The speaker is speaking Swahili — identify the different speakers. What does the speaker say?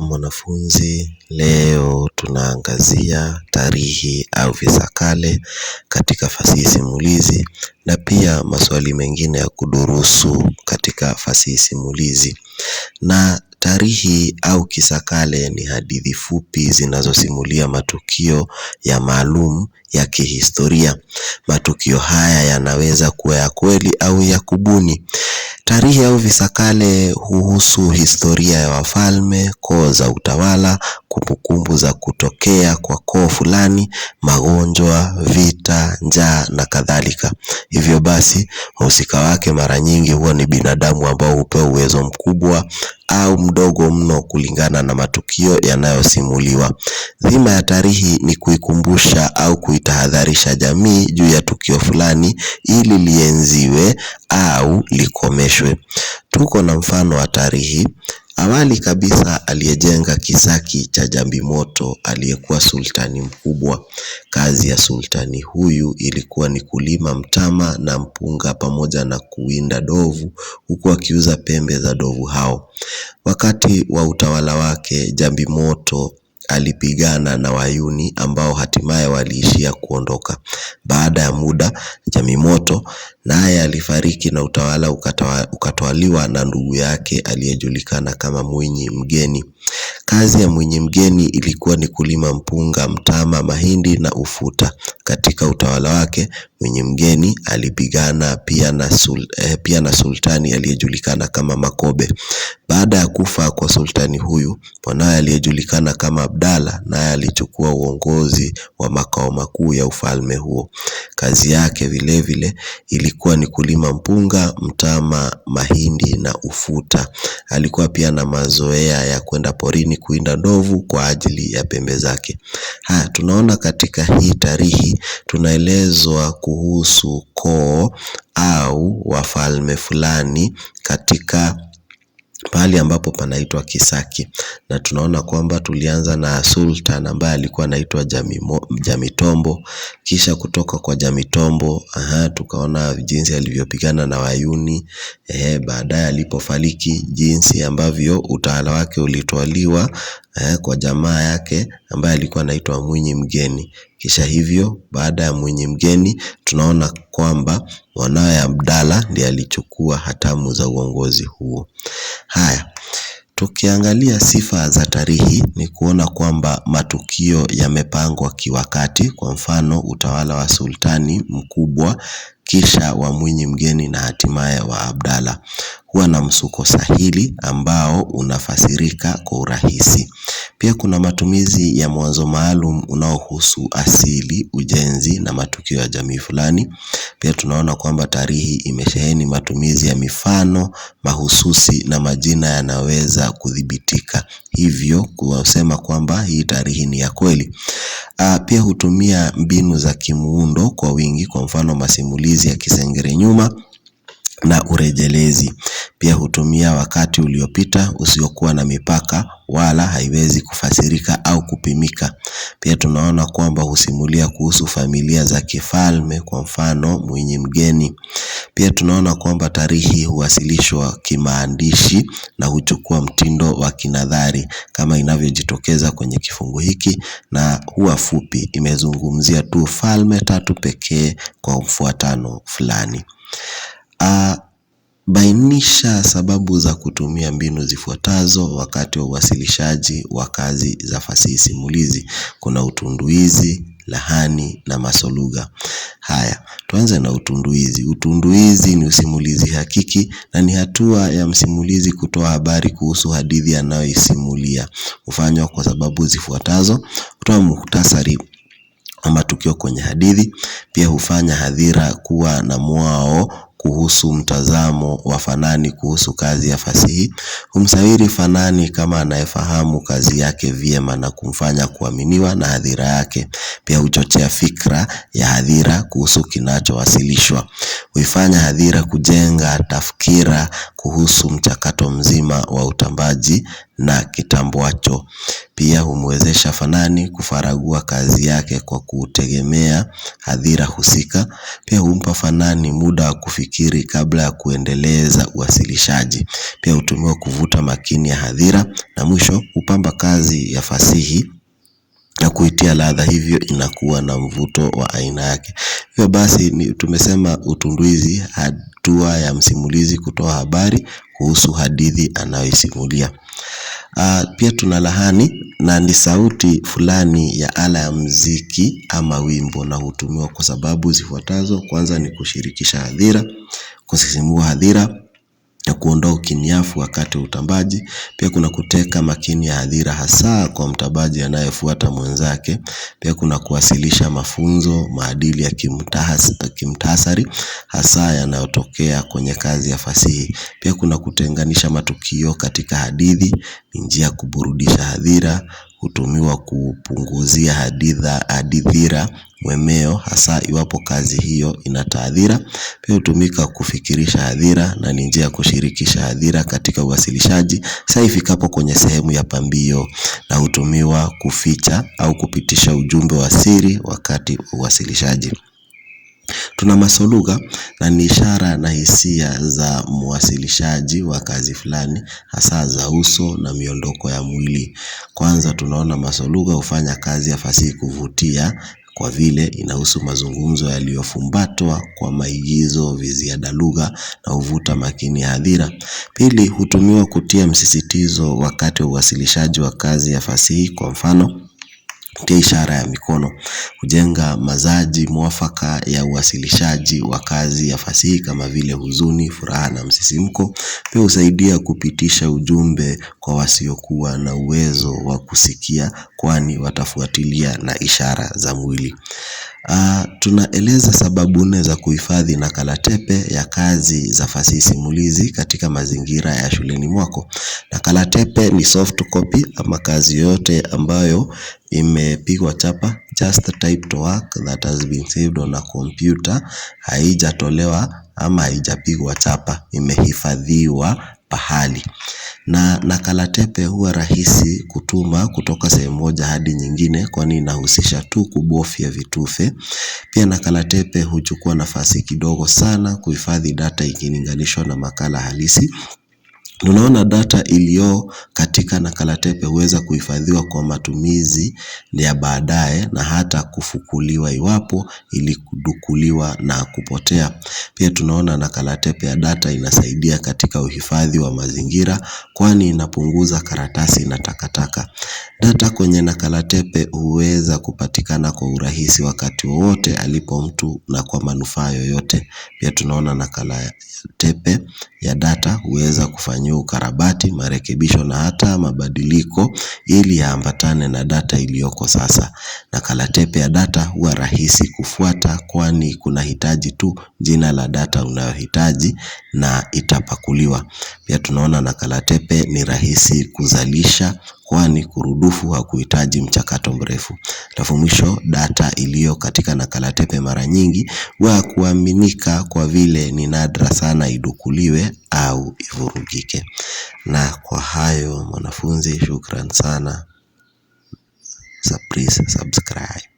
Speaker 1: Mwanafunzi, leo tunaangazia tarihi au visa kale katika fasihi simulizi na pia maswali mengine ya kudurusu katika fasihi simulizi. Na tarihi au kisa kale ni hadithi fupi zinazosimulia matukio ya maalum ya kihistoria. Matukio haya yanaweza kuwa ya kweli au ya kubuni. Tarihi au visakale huhusu historia ya wafalme, koo za utawala, kumbukumbu za kutokea kwa koo fulani, magonjwa, vita, njaa na kadhalika. Hivyo basi mhusika wake mara nyingi huwa ni binadamu ambao hupewa uwezo mkubwa au mdogo mno kulingana na matukio yanayosimuliwa. Dhima ya tarihi ni kuikumbusha au kuitahadharisha jamii juu ya tukio fulani ili lienziwe au likomeshwe. Tuko na mfano wa tarihi. Awali kabisa aliyejenga kisaki cha jambi moto aliyekuwa sultani mkubwa. Kazi ya sultani huyu ilikuwa ni kulima mtama na mpunga pamoja na kuwinda dovu huku akiuza pembe za dovu hao. Wakati wa utawala wake jambi moto alipigana na Wayuni ambao hatimaye waliishia kuondoka. Baada ya muda Benjamin naye alifariki na utawala ukatwaliwa na ndugu yake aliyejulikana kama Mwinyi Mgeni. Kazi ya Mwinyi Mgeni ilikuwa ni kulima mpunga, mtama, mahindi na ufuta. Katika utawala wake, Mwinyi Mgeni alipigana pia na sul, eh, pia na sultani aliyejulikana kama Makobe. Baada ya kufa kwa sultani huyu, mwanawe aliyejulikana kama abdala naye alichukua uongozi wa makao makuu ya ufalme huo. Kazi yake vile vile ilikuwa ni kulima mpunga, mtama, mahindi na ufuta. Alikuwa pia na mazoea ya kwenda porini kuinda ndovu kwa ajili ya pembe zake. Haya, tunaona katika hii tarihi tunaelezwa kuhusu koo au wafalme fulani katika pahali ambapo panaitwa Kisaki na tunaona kwamba tulianza na Sultan ambaye alikuwa anaitwa Jamitombo kisha kutoka kwa Jamitombo aha, tukaona jinsi alivyopigana na Wayuni eh, baadaye alipofariki jinsi ambavyo utawala wake ulitwaliwa Eh, kwa jamaa yake ambaye alikuwa anaitwa Mwinyi Mgeni. Kisha hivyo baada ya Mwinyi Mgeni tunaona kwamba mwanawe Abdalla ndiye alichukua hatamu za uongozi huo. Haya, tukiangalia sifa za tarihi ni kuona kwamba matukio yamepangwa kiwakati, kwa mfano utawala wa sultani mkubwa kisha wa Mwinyi Mgeni na hatimaye wa Abdalla huwa na msuko sahili ambao unafasirika kwa urahisi. Pia kuna matumizi ya mwanzo maalum unaohusu asili, ujenzi na matukio ya jamii fulani. Pia tunaona kwamba tarihi imesheheni matumizi ya mifano mahususi na majina yanaweza kudhibitika, hivyo kusema kwamba hii tarihi ni ya kweli. Ah, pia hutumia mbinu za kimuundo kwa wingi kwa mfano masimulizi ya kisengere nyuma na urejelezi. Pia hutumia wakati uliopita usiokuwa na mipaka wala haiwezi kufasirika au kupimika. Pia tunaona kwamba husimulia kuhusu familia za kifalme kwa mfano Mwinyi Mgeni. Pia tunaona kwamba tarihi huwasilishwa kimaandishi na huchukua mtindo wa kinadhari kama inavyojitokeza kwenye kifungu hiki na huwa fupi imezungumzia tu falme tatu pekee kwa mfuatano fulani. Ah, Bainisha sababu za kutumia mbinu zifuatazo wakati wa uwasilishaji wa kazi za fasihi simulizi. Kuna utunduizi, lahani na masolugha. Haya, tuanze na utunduizi. Utunduizi ni usimulizi hakiki na ni hatua ya msimulizi kutoa habari kuhusu hadithi anayoisimulia. Hufanywa kwa sababu zifuatazo, kutoa muhtasari wa matukio kwenye hadithi, pia hufanya hadhira kuwa na mwao kuhusu mtazamo wa Fanani kuhusu kazi ya fasihi humsawiri Fanani kama anayefahamu kazi yake vyema na kumfanya kuaminiwa na hadhira yake. Pia huchochea fikra ya hadhira kuhusu kinachowasilishwa, huifanya hadhira kujenga tafkira kuhusu mchakato mzima wa utambaji na kitambuacho. Pia humwezesha Fanani kufaragua kazi yake kwa kutegemea hadhira husika. Pia humpa Fanani muda wa kufikiri kabla ya kuendeleza uwasilishaji. Pia hutumiwa kuvuta makini ya hadhira na mwisho hupamba kazi ya fasihi na kuitia ladha hivyo inakuwa na mvuto wa aina yake. Hivyo basi ni tumesema utunduizi hatua ya msimulizi kutoa habari kuhusu hadithi anayoisimulia. Ah, pia tuna lahani na ni sauti fulani ya ala ya mziki ama wimbo na hutumiwa kwa sababu zifuatazo kwanza ni kushirikisha hadhira, kusisimua hadhira, kuondoa ukinyafu wakati wa utambaji, pia kuna kuteka makini ya hadhira hasa kwa mtabaji anayefuata mwenzake, pia kuna kuwasilisha mafunzo, maadili ya kimtasari, hasa yanayotokea kwenye kazi ya fasihi. Pia kuna kutenganisha matukio katika hadithi, ni njia ya kuburudisha hadhira, hutumiwa kupunguzia hadithira mwemeo hasa iwapo kazi hiyo ina taadhira. Pia hutumika kufikirisha hadhira na ni njia ya kushirikisha hadhira katika uwasilishaji saa ifikapo kwenye sehemu ya pambio na hutumiwa kuficha au kupitisha ujumbe wa siri wakati wa uwasilishaji. tuna masolugha na ni ishara na hisia za mwasilishaji wa kazi fulani hasa za uso na miondoko ya mwili. Kwanza tunaona masoluga hufanya kazi ya fasihi kuvutia kwa vile inahusu mazungumzo yaliyofumbatwa kwa maigizo, viziada lugha na huvuta makini ya hadhira. Pili, hutumiwa kutia msisitizo wakati wa uwasilishaji wa kazi ya fasihi kwa mfano kutia ishara ya mikono kujenga mazaji mwafaka ya uwasilishaji wa kazi ya fasihi kama vile huzuni, furaha na msisimko Pia husaidia kupitisha ujumbe kwa wasiokuwa na uwezo wa kusikia kwani watafuatilia na ishara za mwili. Ah, tunaeleza sababu nne za kuhifadhi nakala tepe ya kazi za fasihi simulizi katika mazingira ya shuleni mwako. Nakala tepe ni soft copy ama kazi yote ambayo imepigwa chapa just typed work that has been saved on a computer haijatolewa ama haijapigwa chapa imehifadhiwa pahali. Na nakala tepe huwa rahisi kutuma kutoka sehemu moja hadi nyingine kwani inahusisha tu kubofya vitufe. Pia nakala tepe huchukua nafasi kidogo sana kuhifadhi data ikilinganishwa na makala halisi. Tunaona data iliyo katika nakala tepe huweza kuhifadhiwa kwa matumizi ya baadaye na hata kufukuliwa iwapo ilidukuliwa na kupotea. Pia tunaona nakala tepe ya data inasaidia katika uhifadhi wa mazingira kwani inapunguza karatasi na takataka. Data kwenye nakala tepe huweza kupatikana kwa urahisi wakati wowote alipo mtu na kwa manufaa yoyote. Pia tunaona nakala tepe ya data huweza kufanywa ukarabati, marekebisho na hata mabadiliko ili yaambatane na data iliyoko sasa. Nakala tepe ya data huwa rahisi kufuata kwani kunahitaji tu jina la data unayohitaji na itapakuliwa. Pia tunaona nakala tepe ni rahisi kuzalisha kwani kurudufu hakuhitaji mchakato mrefu. alafu mwisho data iliyo katika nakala tepe mara nyingi wa kuaminika kwa vile ni nadra sana idukuliwe au ivurugike. Na kwa hayo mwanafunzi, shukran sana. Please subscribe.